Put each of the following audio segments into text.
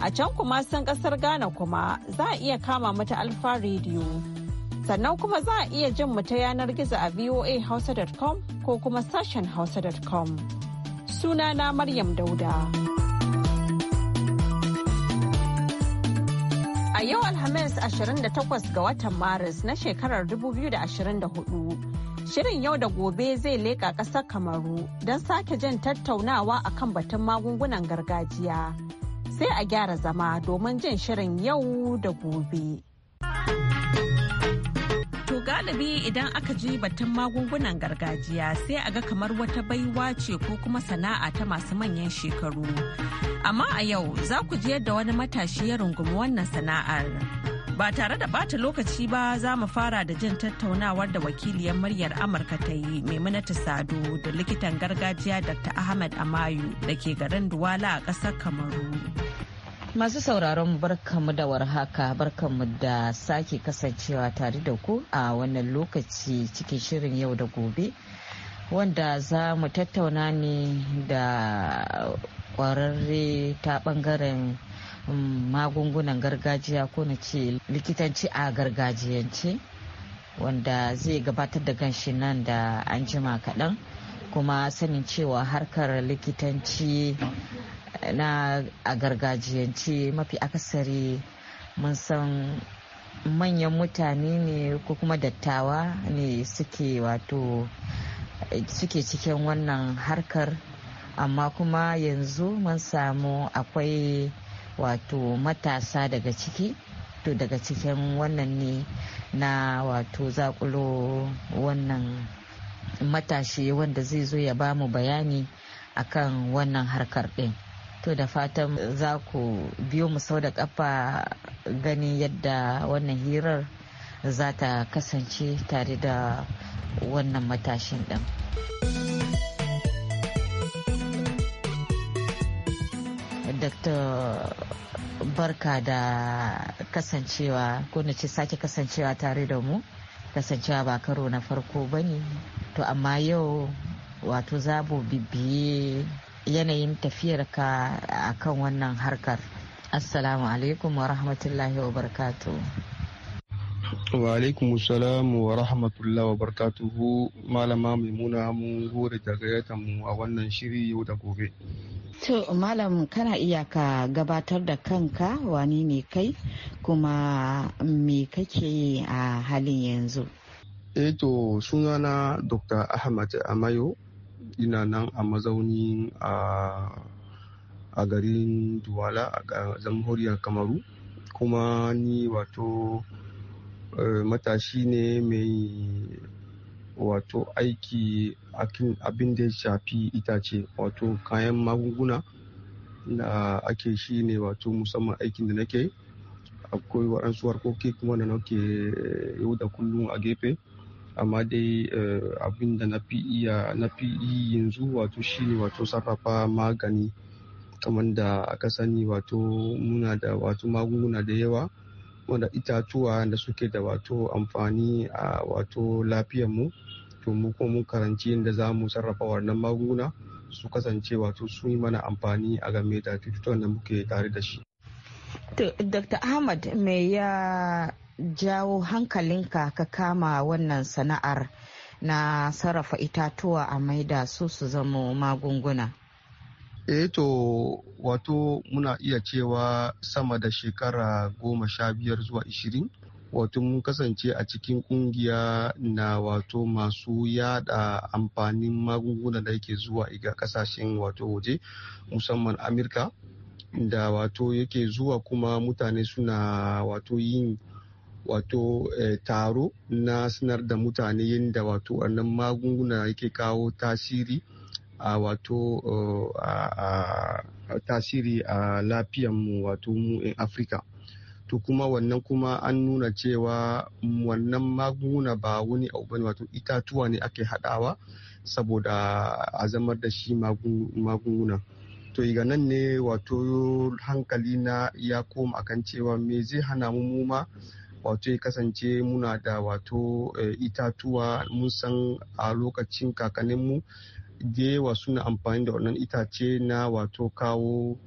A can kuma sun kasar Ghana kuma za a iya kama mata Alfa Radio. Sannan kuma za a iya jin mu ta yanar gizo a voahausa.com ko kuma sashen hausa.com. na Maryam Dauda. A yau Alhamis 28 ga watan Maris na shekarar 2024. Shirin yau da gobe zai leƙa ƙasar Kamaru don sake jin tattaunawa akan batun magungunan gargajiya. sai a gyara zama domin jin shirin yau da gobe. To galibi idan aka ji batun magungunan gargajiya sai a ga kamar wata baiwa ce ko kuma sana'a ta masu manyan shekaru. Amma a yau za ku ji yadda wani matashi ya rungumi wannan sana'ar. Ba tare da bata lokaci ba za mu fara da jin tattaunawar da wakiliyar muryar Amurka ta yi Maimunatu Sado da likitan gargajiya Dr. Ahmed Amayu da ke garin Duwala a ƙasar Kamaru. Masu sauraron barkanmu da warhaka barkanmu da sake kasancewa tare da ku a wannan lokaci cikin shirin yau da gobe wanda za mu tattauna ne da kwararre ta bangaren mm, magungunan gargajiya ko na ce likitanci a gargajiyance wanda zai gabatar da ganshi nan da an jima kaɗan kuma sanin cewa harkar likitanci na a gargajiyance mafi akasari mun san manyan mutane ne ko kuma dattawa ne suke wato suke cikin wannan harkar amma kuma yanzu mun samu akwai wato matasa daga ciki to daga cikin wannan ne na wato zakulo wannan matashi wanda zai zo ya bamu bayani akan wannan harkar ɗin. to da fatan za ku biyo mu sau da kafa ganin yadda wannan hirar za ta kasance tare da wannan matashin ɗin. Dr. Barka da kasancewa ko na ce sake kasancewa tare da mu kasancewa ba karo na farko ba ne to amma yau wato zabo bibiye yanayin tafiyarka a kan wannan harkar assalamu alaikum wa rahmatullahi wa barkatu. wa alaikum salam wa rahmatullahi wa barakatuhu malama muna mun gode da mu a wannan shiri yau da gobe to malam kana iya ka gabatar da kanka wani ne kai kuma me kake a halin yanzu eto eh sunana dr ahmad amayo ina nan a mazauni a garin duwala a jamhuriyar kamaru kuma ni wato eh, matashi ne mai wato aiki abin da ya shafi itace wato kayan magunguna da ake shi ne wato musamman aikin da nake akwai waɗansu harkoki kuma da nake eh, yau da kullum a gefe amma dai eh, abinda da na fi iya yi yanzu wato shi ne wato sarrafa magani kaman da aka sani wato muna da wato magunguna da yawa wanda itatuwa da suke da wato amfani a wato lafiyarmu to mu kuma mun karanci yadda za mu sarrafa wannan magunguna su kasance wato sun yi mana amfani a game da cututtukan da muke tare da shi. Dr. Ahmad me ya jawo hankalinka ka kama wannan sana'ar na sarrafa itatuwa a maida su su zama magunguna? eh to wato muna iya cewa sama da shekara goma sha biyar zuwa ishirin wato mun kasance a cikin kungiya na wato masu yada amfanin magunguna da yake zuwa ga kasashen wato waje musamman amurka da wato yake zuwa kuma mutane suna wato yin wato eh, taro na sanar da mutane yadda wato wannan magunguna yake kawo tasiri a wato eh, tasiri a lafiyanmu wato mu in afirka to kuma wannan kuma an nuna cewa wannan magunguna ba wani abu bane wato itatuwa ne ake hadawa saboda a zamar da shi magunguna to iga nan ne wato hankali na ya koma akan cewa me zai hana mu ma wato ya kasance muna da wato eh, itatuwa mun san a lokacin kakanninmu da yawa suna amfani da wannan itace na wato kawo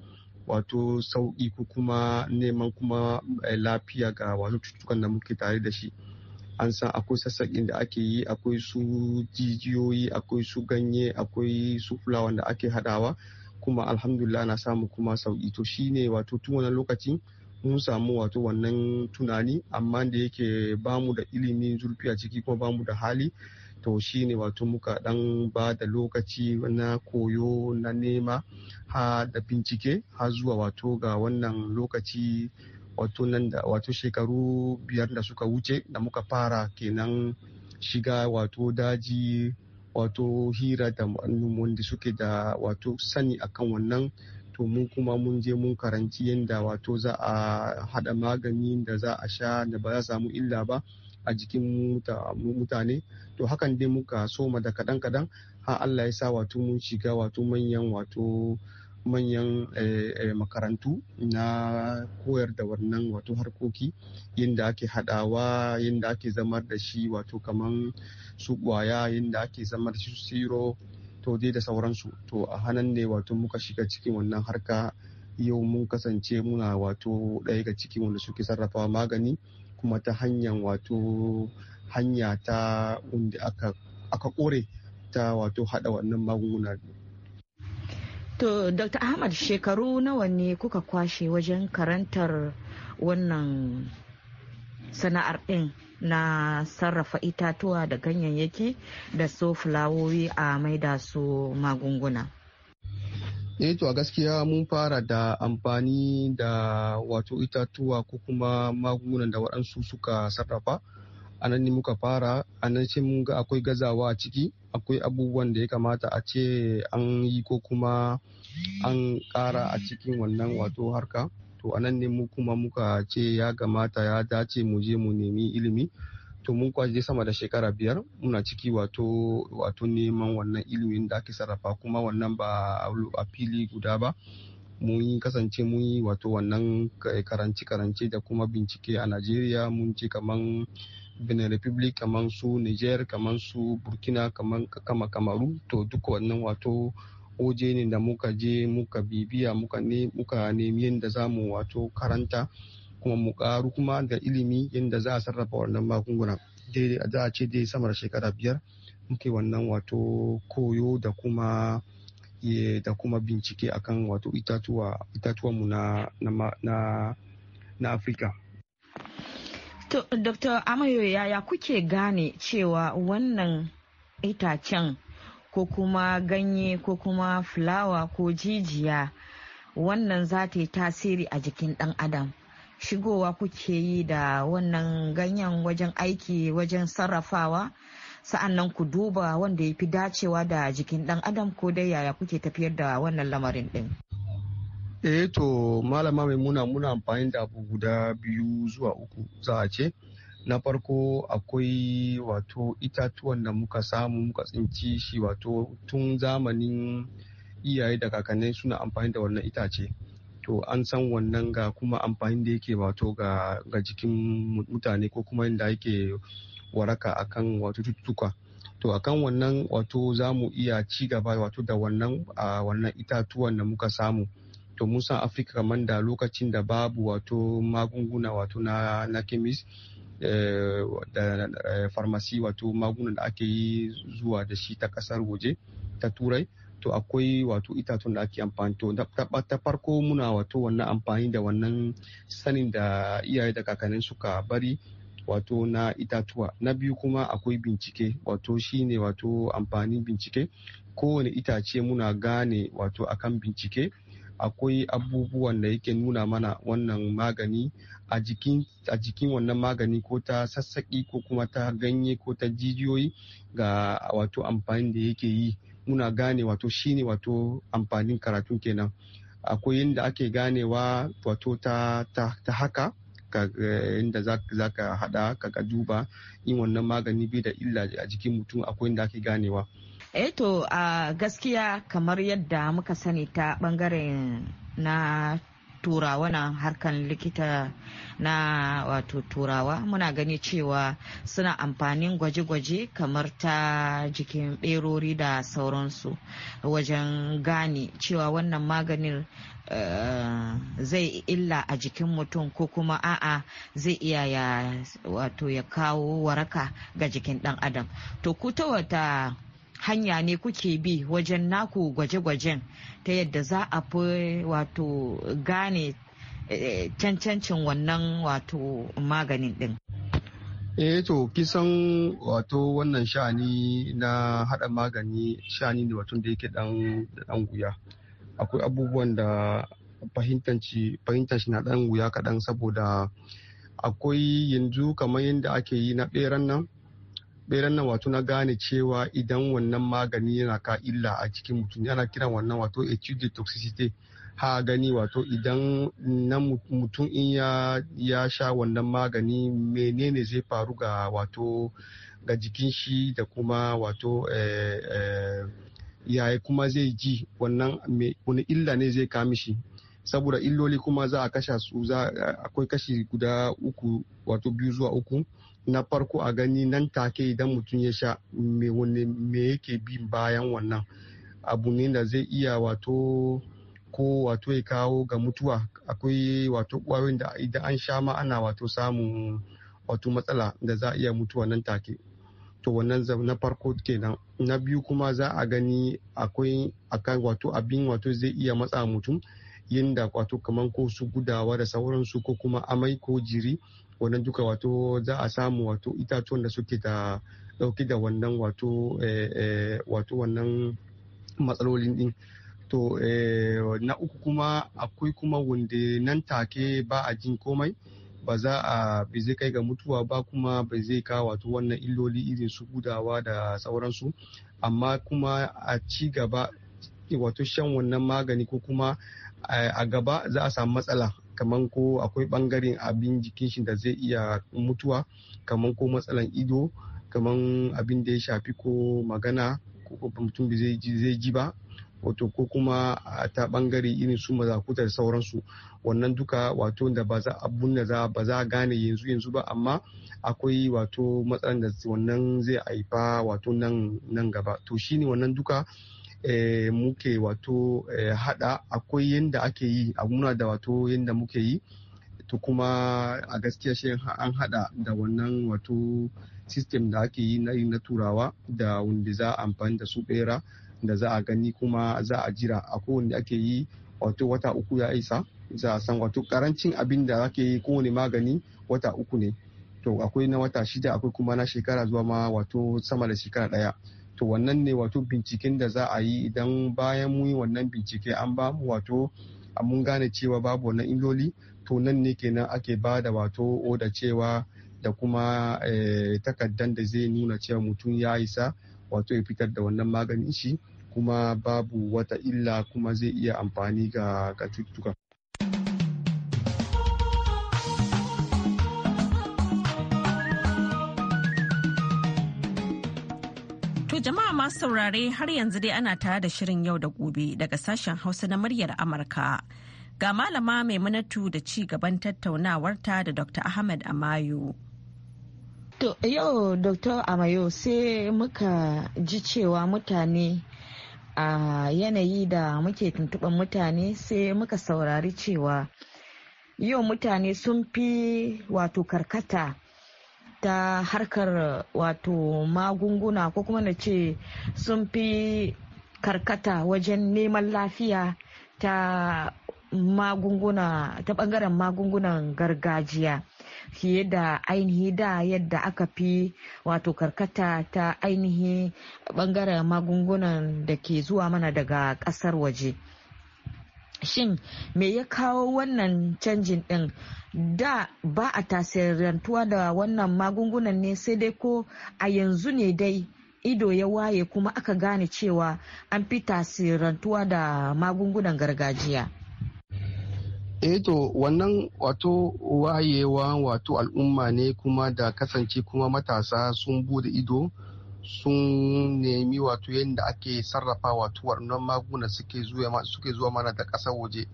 wato sauƙi ko kuma neman kuma eh, lafiya ga wato cututtukan da muke tare da shi an san akwai sassaƙin da ake yi akwai su jijiyoyi akwai su ganye akwai su fulawa da ake haɗawa kuma alhamdulillah na samu kuma sauƙi to shine wato tun wannan lokacin mun samu wato wannan tunani amma da yake bamu da ilimi zurfi a ciki kuma bamu da hali to shi ne wato muka dan ba da lokaci na koyo na nema ha da bincike ha zuwa wato ga wannan lokaci wato nan da wato shekaru biyar da suka wuce da muka fara kenan shiga wato daji wato hira da wanda suke da wato sani akan wannan to mu kuma mun je mun karanci yadda wato za a haɗa magani da za a sha da ba za samu illa ba a jikin mutane to hakan dai muka soma da kaɗan kaɗan har Allah ya sa wato mun shiga wato manyan wato manyan eh, eh, makarantu na koyar da wannan wato harkoki yadda ake hadawa yadda ake zamar da shi wato kaman su kwaya yadda ake zamar da shi siro to dai da sauransu to a hannun ne wato muka shiga cikin wannan harka yau mun kasance muna wato ɗaya ga cikin wanda suke sarrafa magani kuma ta hanyar wato hanya ta wanda aka, kore ta wato hada wannan magunguna To, Dr. Ahmad shekaru nawa ne kuka kwashe wajen karantar wannan sana'ar ɗin? na sarrafa itatuwa da ganyayyaki da so fulawowi a maida su magunguna eh to a gaskiya mun fara da amfani da wato itatuwa ko kuma magungunan da waɗansu suka sarrafa a nan ne muka fara a nan sai mun ga akwai gazawa a ciki akwai abubuwan da ya kamata a ce an yi ko kuma an ƙara a cikin wannan wato harka to anan ne mu kuma muka ce ya gamata ya dace mu je mu nemi ilimi to mun kwaje sama da shekara biyar muna ciki wato neman wannan ilimin da ake sarrafa kuma wannan ba a fili guda ba mun yi kasance mun yi wato wannan karance karance da kuma bincike a najeriya mun ce kaman benin republic kaman su niger kaman su burkina kaman kamaru to duk wannan wato waje ne da muka je muka bibiya muka nemi yadda za mu wato karanta kuma mu karu kuma da ilimi yadda za a sarrafa wannan magunguna za a ce dai sama shekara biyar muke wannan wato koyo da kuma da kuma bincike akan wato itatuwa mu na afirka dr amayo yaya kuke gane cewa wannan itacen ko kuma ganye ko kuma fulawa ko jijiya wannan za ta yi tasiri a jikin ɗan adam shigowa kuke yi da wannan ganyen wajen aiki wajen sarrafawa sa'annan ku duba wanda ya fi dacewa da jikin ɗan adam ko dai yaya kuke tafiyar da wannan lamarin ɗin eh to malama mai muna muna amfani da abu guda biyu zuwa uku za a ce na farko akwai wato itatuwan da muka samu muka tsinci shi wato tun zamanin iyaye da kakannai suna amfani da wannan itace to an san wannan ga kuma amfani da yake wato ga, jikin mutane ko kuma inda yake waraka akan wato cututtuka to akan wannan wato za mu iya ci gaba wato da wannan a wannan itatuwan da muka samu to musan san afirka kamar da lokacin da babu wato magunguna wato na kemis Eh, da farmasi eh, wato magunan da ake yi zuwa da shi ta kasar waje ta turai to akwai wato itatun da ake amfani to ta farko muna wato wannan amfani da wannan sanin da iyaye da kakannin suka bari wato na itatuwa na biyu kuma akwai bincike wato shine wato amfanin bincike kowane itace muna gane wato akan bincike akwai abubuwan da yake nuna mana wannan magani a jikin wannan magani ko ta sassaƙi ko kuma ta ganye ko ta jijiyoyi ga wato amfani da yake yi muna gane wato shine wato amfanin karatun kenan akwai yadda ake ganewa wato ta, ta, ta haka eh, inda za ka hada ka duba in wannan magani bai da illa a jikin mutum akwai inda ake ganewa eto eh a uh, gaskiya kamar yadda muka sani ta bangaren na turawa na harkan likita na wato turawa muna gani cewa suna amfanin gwaje-gwaje kamar ta jikin berori da sauransu wajen gane cewa wannan maganin eh, zai illa a jikin mutum ko kuma a'a zai iya ya wato ya kawo waraka ga jikin dan adam to ku ta wata hanya ne kuke bi wajen naku gwaje-gwajen ta yadda za a fi wato gane eh, cancancin wannan wato maganin din. eh to kisan wato wannan shani na hada magani shani ne wato da yake dan dan guya akwai abubuwan da fahimtanci fahimtanci na dan guya kadan saboda akwai yanzu kamar yadda ake yi na beran nan beran nan wato na gane cewa idan wannan magani yana ka illa a cikin mutum yana kira wannan wato acute toxicity ha gani wato idan na mutum in ya, sha wannan magani menene zai faru ga wato ga jikin shi da kuma wato eh, eh, kuma zai ji wannan wani illa ne zai kami shi saboda illoli kuma za a kasha su za akwai kashi guda uku wato biyu zuwa uku na farko a gani nan take idan mutum ya sha me yake bi bayan wannan abu ne da zai iya wato ko wato ya kawo ga mutuwa akwai wato kwayoyin da idan an sha ma ana wato samun wato matsala da za a iya mutuwa nan take to wannan na farko kenan na biyu kuma za a gani akwai akan wato abin wato zai iya matsa mutum Yin da wato kamar ko su gudawa da sauransu ko kuma amai ko jiri wannan duka wato za a samu wato itatuwan da suke da dauki da wannan wato eh, eh, wato wannan matsalolin din to eh, na uku kuma akwai kuma wanda nan take ba a jin komai ba za a bai zai kai ga mutuwa ba kuma bai zai ka wato wannan illoli irin su gudawa da sauransu amma kuma a ci gaba wato shan wannan magani ko kuma a gaba za a samu matsala kamar ko akwai bangaren abin jikin shi da zai iya mutuwa kamar ko matsalan ido kamar abin da ya shafi ko magana ko mutum zai ji ba wato ko kuma ta bangare irin su mazakuta da sauransu wannan duka wato da ba za a ba za gane yanzu yanzu ba amma akwai wato matsalan da wannan zai haifa wato nan gaba to shine wannan duka Eh, muke wato eh, hada akwai yadda ake yi a muna da wato yadda muke yi to kuma a gaskiya shi an hada da wannan wato system da ake yi na, na turawa da wanda za a amfani da su bera da za a gani kuma za a jira a wanda ake yi wato wata uku ya isa za a san wato karancin abin da ake yi kowane magani wata uku ne to akwai na wata shida akwai kuma na shekara zuwa ma wato sama da shekara daya wato wannan ne wato binciken da za a yi idan bayan mu yi wannan bincike an ba mu wato mun gane cewa babu wannan illoli to nan ne kenan ake ba da wato oda cewa da kuma eh, takaddan da zai nuna cewa mutum ya isa wato ya fitar da wannan maganin shi kuma babu wata illa kuma zai iya amfani ga cututtuka. jama'a masu saurare har yanzu dai ana tare da shirin yau da gobe daga sashen Hausa na muryar Amurka. Ga malama Maimunatu da ci gaban tattaunawarta da Dr. Ahmad Amayo. To yau Dr. Amayo sai muka ji cewa mutane a yanayi da muke tuntuɓar mutane sai muka saurari cewa yau mutane sun fi wato karkata ta harkar wato magunguna ko kuma na ce sun fi karkata wajen neman lafiya ta magunguna ta bangaren magungunan gargajiya fiye da ainihi da yadda aka fi wato karkata ta ainihi bangaren magungunan da ke zuwa mana daga kasar waje. shin me ya kawo wannan canjin din da ba a tasirantuwa da wannan magungunan ne sai dai ko a yanzu ne dai ido ya waye kuma aka gane cewa an fi tasirantuwa da magungunan gargajiya eh to wannan wato wayewa wato al'umma ne kuma da kasance kuma matasa sun bude ido sun nemi wato yadda ake sarrafa wato waɗannan maguna suke zuwa mana da ƙasar waje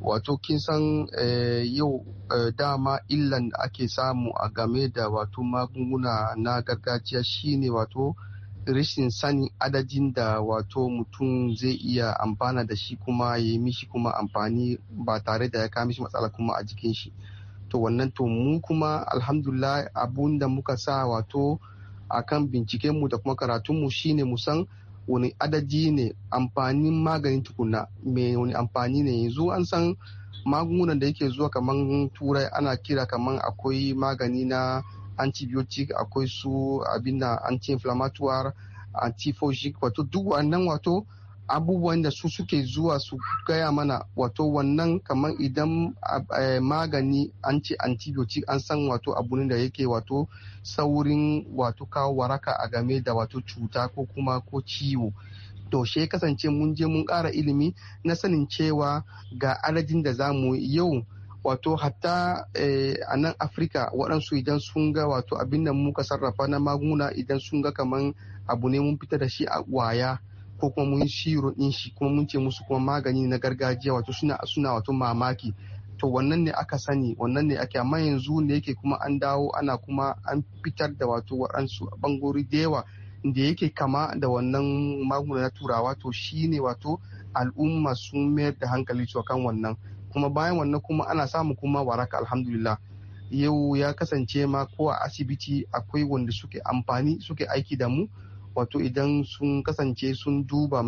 wato kin san eh, yau eh, dama illan da ake samu a game da wato magunguna na gargajiya shine wato rashin sanin adadin da wato mutum zai iya amfana da shi kuma ya yi mishi kuma amfani ba tare da ya kama mishi matsala kuma a jikin shi to wannan to mu kuma alhamdulillah abun da muka sa wato akan bincikenmu da kuma karatunmu shine musan san wani adadi ne amfanin maganin tukuna mai wani amfani ne yanzu an san magungunan da yake zuwa kaman turai ana kira kaman akwai magani na antibiotic akwai su abin na anti-inflammatory antifogic wato duk wannan wato abubuwan da su suke zuwa su gaya mana wato wannan kamar idan eh, magani an ce antibiotic an san wato abu da yake wato saurin wato kawo waraka a game da wato cuta ko kuma ko ciwo to she kasance mun je mun kara ilimi na sanin cewa ga aladin da za mu yau wato hatta eh, a nan afirka waɗansu idan sun ga wato abin da muka sarrafa na maguna idan sun ga kaman abu ne mun fita da shi a waya ko kuma mun shiro din shi kuma mun ce musu kuma magani na gargajiya wato suna suna wato mamaki to wannan ne aka sani wannan ne ake amma yanzu ne yake kuma an dawo ana kuma an fitar da wato waɗansu bangori da yawa da yake kama da wannan magunguna na turawa to shine wato al'umma sun mayar da hankali cewa kan wannan kuma bayan wannan kuma ana samu kuma waraka alhamdulillah yau ya kasance ma ko a asibiti akwai wanda suke amfani suke aiki da mu wato idan sun kasance sun duba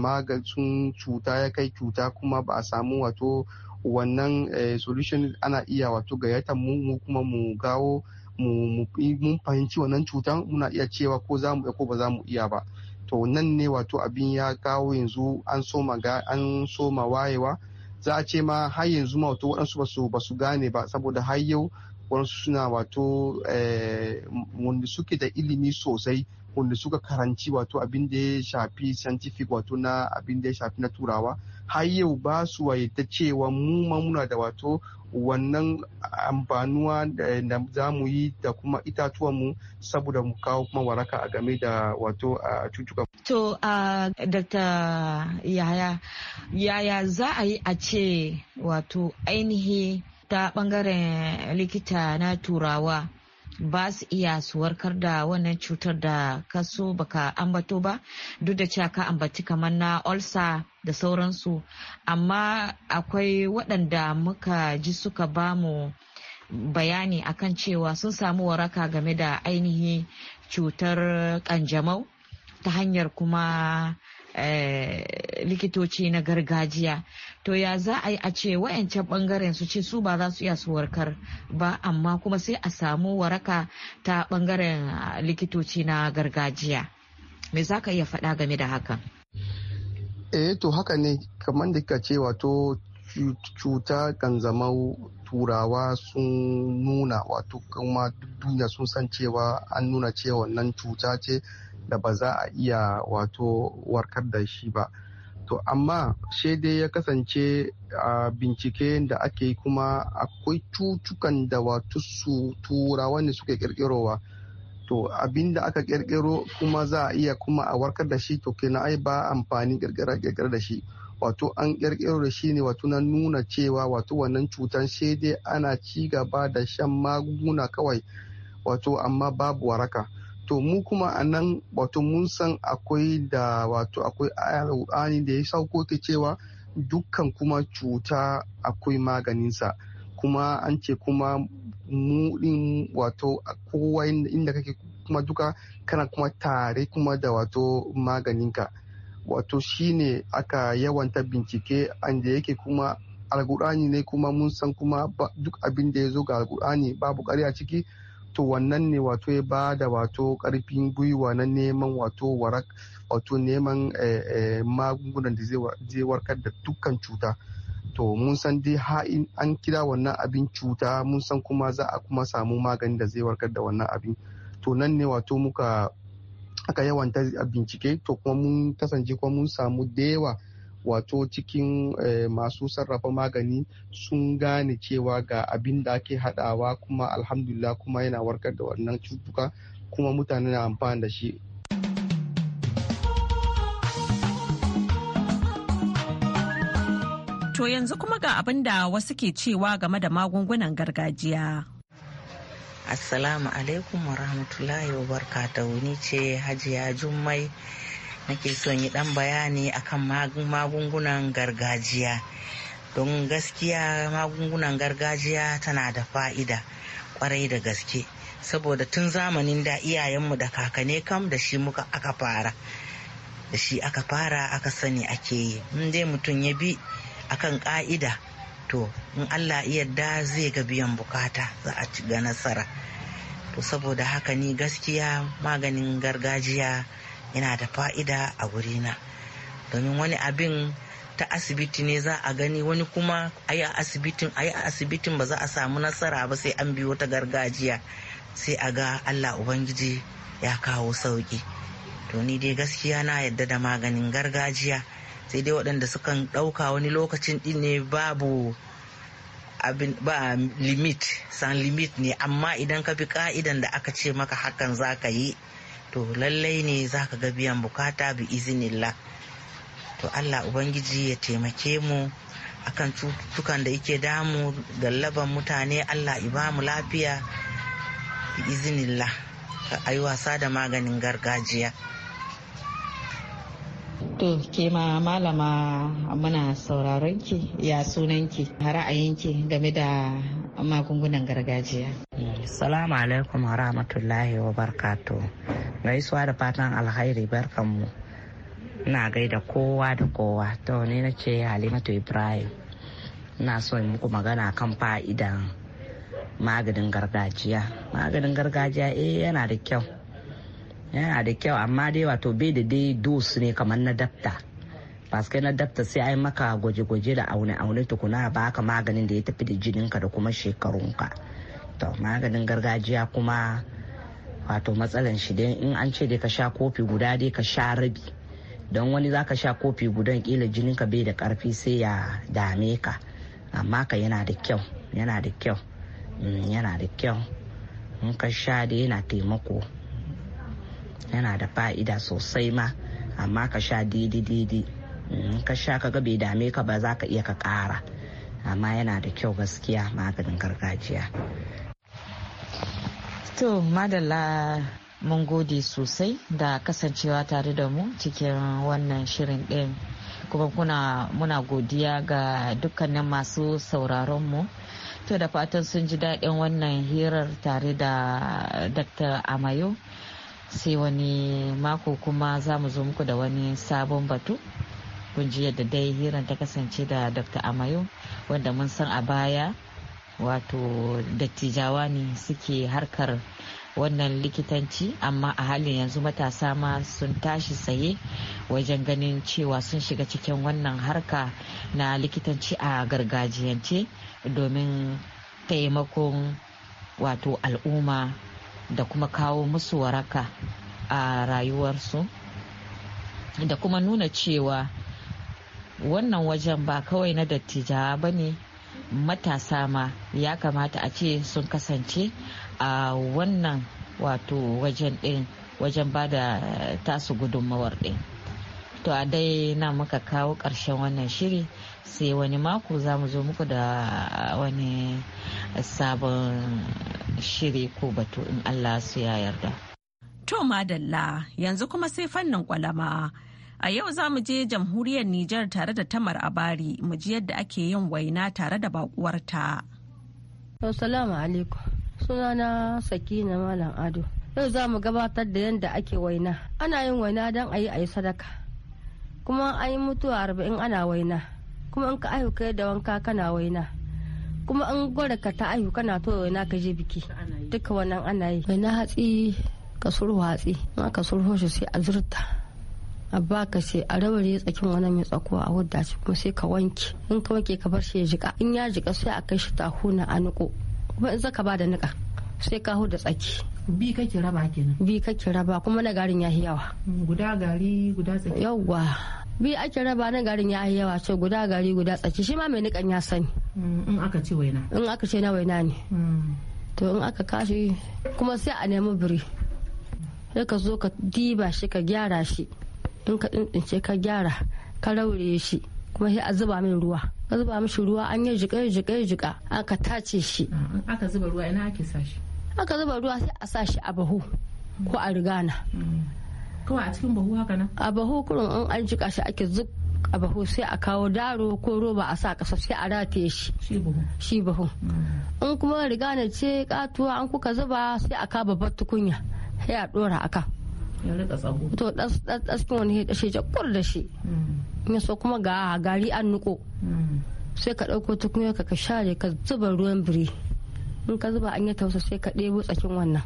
sun cuta ya kai cuta kuma ba a samu wato wannan eh, solution ana iya wato gayyatar mu kuma mu gawo mun fahimci wannan cutan muna iya cewa ko za mu ko ba za mu iya ba to nan ne wato abin ya kawo yanzu an soma ga an soma wayewa za a ce ma har yanzu ma wato waɗansu basu basu gane ba saboda har yau waɗansu suna wato wanda eh, suke da ilimi sosai wanda suka karanci wato abin da ya shafi scientific wato na abin da ya shafi na turawa har yau ba su yadda cewa mu ma muna da wato wannan amfanuwa da za mu yi da kuma mu saboda mu kawo kuma waraka a game da wato a cutuka. To, Dr. Yaya, yaya za a yi a ce wato ainihi ta bangaren likita na turawa ba su iya su warkar da wannan cutar da kaso baka ambato ba duk da cewa ka ambaci kamar na olsa da sauransu amma akwai waɗanda muka ji suka ba mu bayani akan cewa sun samu waraka game da ainihin cutar kanjamau ta hanyar kuma eh, likitoci na gargajiya to ya za a yi a ce wayancan bangaren su ce su ba za su iya su warkar ba amma kuma sai a samu waraka ta bangaren likitoci na gargajiya me za ka iya faɗa game da hakan eh to haka ne kamar da ka ce wato cuta kan zama turawa sun nuna wato kuma duniya sun san cewa an nuna cewa wannan cuta ce da ba za a iya wato warkar da shi ba to amma shi dai ya kasance a bincike da ake yi kuma akwai cutukan da wato su turawa ne suke kirkirowa to abin da aka kirkiro kuma za a iya kuma a warkar da shi to kenan ai ba amfani kirkira da shi wato an kirkiro da shi ne wato na nuna cewa wato wannan cutar sai dai ana ci gaba da shan magunguna kawai wato amma babu waraka to mu kuma a nan wato mun san akwai da wato akwai ayar da ya sauko ta cewa dukkan kuma cuta akwai maganinsa kuma an ce kuma mu din wato kowa inda kake kuma duka kana kuma tare kuma da wato maganinka wato shine aka yawanta bincike da yake kuma alkur'ani ne kuma mun san kuma duk abin da ya zo ga alkur'ani babu ƙarya ciki to wannan ne wato ya ba da wato karfin gwiwa na neman wato warak wato neman eh, eh, magungunan da zai warkar da dukkan cuta to mun san dai ha'in an kira wannan abin cuta mun san kuma za a kuma samu magani da zai warkar da wannan abin to nan ne wato muka aka yawanta bincike to kuma mun kasance kuma mun samu da yawa wato cikin eh, masu sarrafa magani sun gane cewa ga abin da ake hadawa kuma alhamdulillah kuma yana warkar da wannan cutuka kuma mutane na amfani da shi To yanzu kuma ga abin da wasu ke cewa game da magungunan gargajiya. Assalamu alaikum wa rahmatullahi wa barka ce Hajiya Jummai nake son yi dan bayani akan magungunan gargajiya don gaskiya magungunan gargajiya tana da fa'ida kwarai da gaske saboda tun zamanin da iyayenmu da kakane kam da shi muka aka fara da shi aka fara aka sani ake yi in dai mutum ya bi akan ka'ida to in allah yarda zai ga biyan bukata za a ci ga nasara to saboda haka ni gaskiya maganin gargajiya yana da fa'ida a na domin wani abin ta asibiti ne za a gani wani kuma a yi asibitin a yi asibitin ba za a samu nasara ba sai an biyo ta gargajiya sai a ga allah ubangiji ya kawo sauki to ni dai gaskiya na yadda da maganin gargajiya sai dai waɗanda sukan ɗauka wani lokacin ɗin ne babu abin ba limit san limit ne amma idan ka bi ka'idan da aka ce maka hakan za ka yi to lallai ne za ka ga biyan bukata bi izinillah to allah ubangiji ya taimake mu akan cututtukan da yake damu gallaban mutane allah bamu lafiya bi izinillah a yi wasa da maganin gargajiya To ke malama muna sauraron ki ya sunan ki ra'ayin ki game da magungunan gargajiya. salamu alaikum wa rahmatullahi wa barkatu gaisuwa da fatan alhairi barkanmu ina gaida kowa da kowa ta wani na ce halimatu ibrahim ina so yi muku magana kan fa'idan maganin gargajiya maganin gargajiya eh yana da kyau yana da kyau amma dai wato bai da dai dos ne kamar na dafta baskai na dafta sai ai maka gwaje-gwaje da aune-aune tukuna ba ka maganin da ya tafi da jininka da kuma shekarunka to maganin gargajiya kuma wato matsalan shi dai in an ce dai ka sha kofi guda dai ka sha rabi don wani za ka sha kofi gudan kila ka bai da karfi sai ya dame ka amma ka yana da kyau yana da kyau mm, yana da kyau in ka sha dai yana taimako yana da fa'ida sosai ma amma ka sha daidai-daidai mm, in ka sha ka bai dame ka ba za ka iya ka kara amma yana da kyau gaskiya maganin gargajiya To, Madala mun gode sosai da kasancewa tare da mu cikin wannan shirin ɗin. Kuma kuna muna godiya ga dukkanin masu sauraronmu. To da fatan sun ji daɗin wannan hirar tare da Dr. Amayo. Sai wani mako kuma za mu zo muku da wani sabon batu. kun ji yadda dai hirar ta kasance da dr amayo wanda mun san a baya wato dattijawa ne suke harkar wannan likitanci amma a halin yanzu matasa ma sun tashi tsaye wajen ganin cewa sun shiga cikin wannan harka na likitanci a gargajiyance domin taimakon wato al'umma da kuma kawo musu waraka a rayuwarsu da kuma nuna cewa wannan wajen ba kawai na dattijawa ba ne matasa ma ya kamata a ce sun kasance a wannan wato wajen din wajen ba da tasu gudunmawar ɗin to a dai na muka kawo ƙarshen wannan shiri sai wani mako za mu zo muku da wani sabon shiri ko batu in allah su ya yarda to madalla yanzu kuma sai fannin kwalama A yau za mu je jamhuriyar Nijar tare da Tamar Abari mu ji yadda ake yin waina tare da bakuwarta. Assalamu alaikum. Sunana Sakina Malam Ado. Yau za mu gabatar da yadda ake waina. Ana yin waina don a yi a yi sadaka. Kuma an yi mutuwa arba'in ana waina. Kuma in ka ayu kai da wanka kana waina. Kuma an gwada ka ta ayu kana to waina ka je biki. Duka wannan ana yi. Waina hatsi ka surhu hatsi. shi sai a zurta. a baka sai a rabare tsakin wani mai tsakuwa a wadda shi kuma sai ka wanke in ka wanke ka bar shi ya jika in ya jika sai a kai shi tahuna a niko kuma in zaka ba da nika sai ka huda tsaki bi kake raba kenan bi kake raba kuma na garin ya yawa guda gari guda tsaki yawa bi ake raba na garin ya yawa ce guda gari guda tsaki shi ma mai nikan ya sani mm, in aka ce waina in aka ce na waina ne mm. to in aka kashi kuma sai a nemi biri sai ka zo ka diba shi ka gyara shi in ka tsintsince ka gyara ka raure shi kuma sai a zuba min ruwa ka zuba mishi ruwa an yi jika jika jika aka tace shi mm, aka zuba ruwa ina ake sa shi aka zuba ruwa sai a sa shi a bahu ko a rigana mm. kawai a cikin bahu haka nan a bahu kurin an an jika shi ake zuk a bahu sai a kawo daro ko roba a sa kasa sai a rataye shi shi bahu mm. in kuma rigana ce katuwa an kuka zuba sai a kaba babbar tukunya sai a dora akan to daskin wani shi da shi mm. so kuma ga gari an nuko mm. sai ka ɗauko tukunyar ka share ka zuba ruwan biri in ka zuba an yi tausa sai ka ɗebo tsakin wannan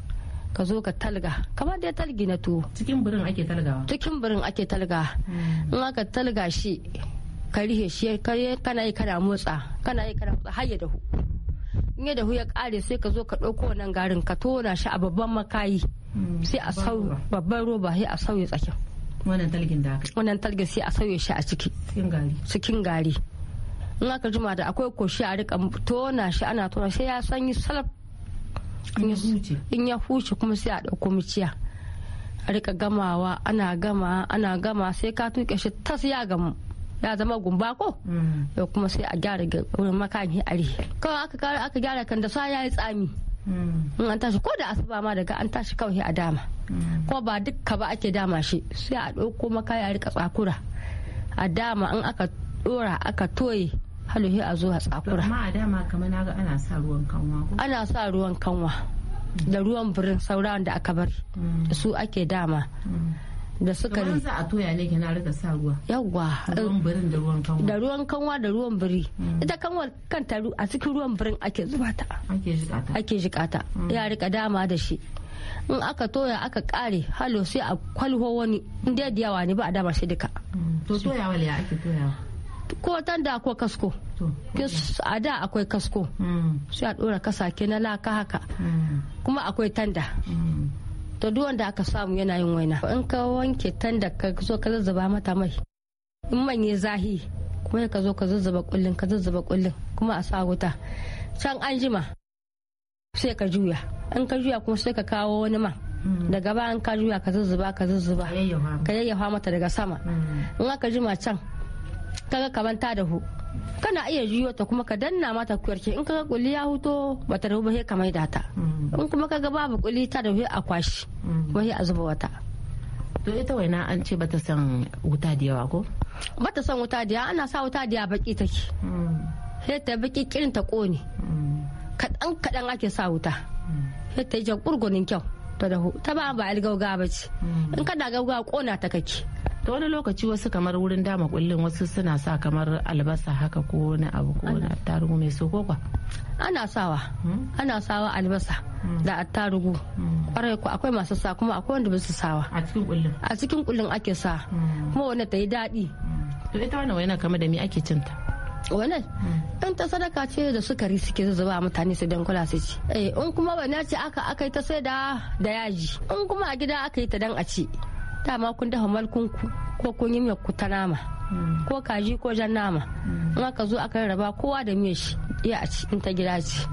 ka zo ka talga kamar dai talgi na tuwo cikin birin ake talgawa cikin birin ake talga mm. in aka talga shi ka rihe shi kana yi kana motsa kana yi kana motsa har da hu. in ya hu ya kare sai ka zo ka ɗauko wannan garin ka tona shi a babban makayi Mm. sai a sauya babban roba sai a sauya tsakin wannan talgin da wannan talgin sai a sauye shi a ciki cikin gari in aka jima da akwai koshi a rika tona shi ana tona sai ya sanyi salaf in ya huce kuma sai a dauko miciya a rika gamawa ana gama ana gama sai ka tuke shi tas ya gamu ya zama gumba ko mm. kuma sai a gyara wurin makani a rihe kawai aka gyara kan da sa ya yi tsami in mm. an tashi ko da asuba ma daga an tashi kawai a dama mm. ko ba dukka ba ake dama shi sai a ɗauko maka ya rika tsakura a dama in aka ɗora aka toye halohi a zo a tsakura amma a dama kamar na ga ana sa ruwan kanwa ana sa ruwan kanwa mm. da ruwan birin sauran da aka bar su ake dama da sukari za a toya ne kana rika sa ruwa yawa ruwan eh, birin da ruwan kanwa da ruwan kanwa da ruwan biri mm. ita kanwa kanta a cikin ruwan birin ake zuba ta ake jikata mm. ya rika dama da shi in aka toya aka kare halo sai a kwalho wani in da yawa ne ba a dama shi duka mm. to wale ya ake toya. ko tan da ko kasko a da akwai kasko sai a dora kasake na laka haka kuma akwai tanda to duk wanda aka samu yana yin waina in ka wanke tan da ka zo ka zazzaba mata mai in manye zahi kuma ka zo ka zazzaba kullun ka zazzaba kullun kuma a sa wuta can an jima sai ka juya in ka juya kuma sai ka kawo wani man mm. daga an ka juya ka zazzaba ka zazzaba ka yayyafa mata daga sama mm. in aka jima can kaga kaman ta dahu kana iya juyo ta kuma ka danna mata kuyarki in kaga kuli ya huto bata dahu ba sai ka maida ta mm. in kuma kaga babu kuli ta dahu a kwashi mm. kuma sai a zuba wata to ita waina an ce bata son wuta da yawa ko bata son wuta da yawa ana sa wuta da yawa baki take sai mm. ta baki kirin ta kone kadan kadan ake sa wuta sai ta yi jan kurgunin kyau ta dahu ta ba ba algauga ba ce in kada gauga kona ta kake ta wani lokaci wasu kamar wurin dama kullum wasu suna sa kamar albasa haka ko wani abu ko wani attarugu mai so kwa ana sawa hmm? ana sawa albasa hmm. da attarugu hmm. kwarai ku akwai masu sa kuma akwai wanda basu sawa a cikin kullum a cikin kullum ake sa kuma wanda ta yi daɗi to ita wannan wani kamar da mi ake cinta wannan in ta sadaka ce da sukari suke zuba mutane su dan kula su ci eh in kuma wani ce aka aka yi ta sai da da yaji in kuma a gida aka yi ta dan a ci dama kun dafa ku ko kun yi ku ta nama ko kaji ko jan nama mm. in aka zo aka raba kowa da miyar shi iya a cikin ta gida ce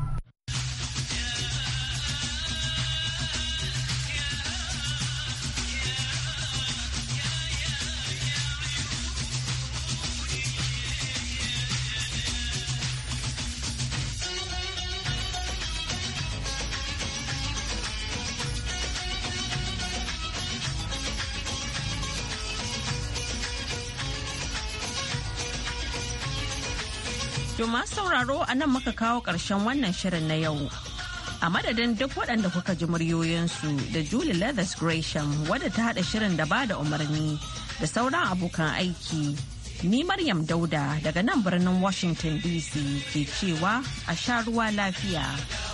Domin sauraro a nan muka kawo ƙarshen wannan shirin na yau. A madadin duk waɗanda kuka ji muryoyinsu da Julie Leathers Gresham wadda ta haɗa shirin da ba da umarni da sauran abokan aiki. Ni Maryam Dauda daga nan birnin Washington DC ke cewa a sha ruwa lafiya.